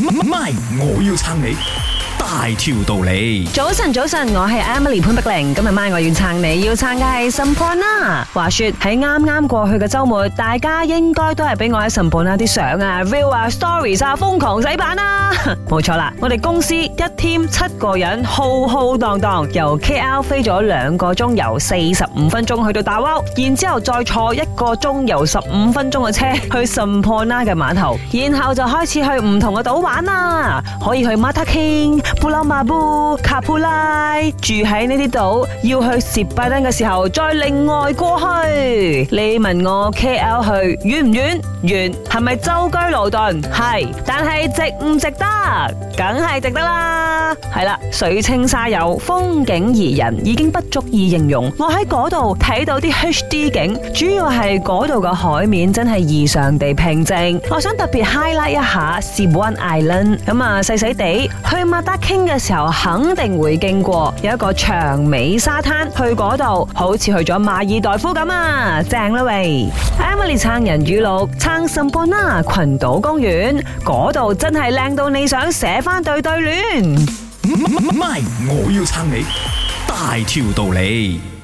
MY，我要撐你。大條道理，早晨早晨，我係 Emily 潘碧玲，今日晚我要撐你，要撐嘅係 Semporna。話說喺啱啱過去嘅周末，大家應該都係俾我喺 Semporna 啲相啊、view 啊、stories 啊，瘋狂洗版啦。冇 錯啦，我哋公司一 team 七個人浩浩蕩蕩，由 KL 飛咗兩個鐘，由四十五分鐘去到大窩，然之後再坐一個鐘，由十五分鐘嘅車去 Semporna 嘅碼頭，然後就開始去唔同嘅島玩啦，可以去 Mataking。布勞馬布卡普拉住喺呢啲島，要去攝拜登嘅時候再另外過去。你問我 K L 去遠唔遠？遠，係咪舟車勞頓？係，但係值唔值得？梗係值得啦。係啦，水清沙幼，風景宜人，已經不足以形容。我喺嗰度睇到啲 H D 景，主要係嗰度嘅海面真係異常地平靜。我想特別 highlight 一下 Sibuan Island，咁啊細細地去 Mataking 嘅時候，肯定會經過有一個長尾沙灘，去嗰度好似去咗馬爾代夫咁啊，正啦喂！Emily 撐人語錄，撐 Semporna 群島公園，嗰度真係靚到你想寫翻對對聯。MY，我要撐你，大條道理。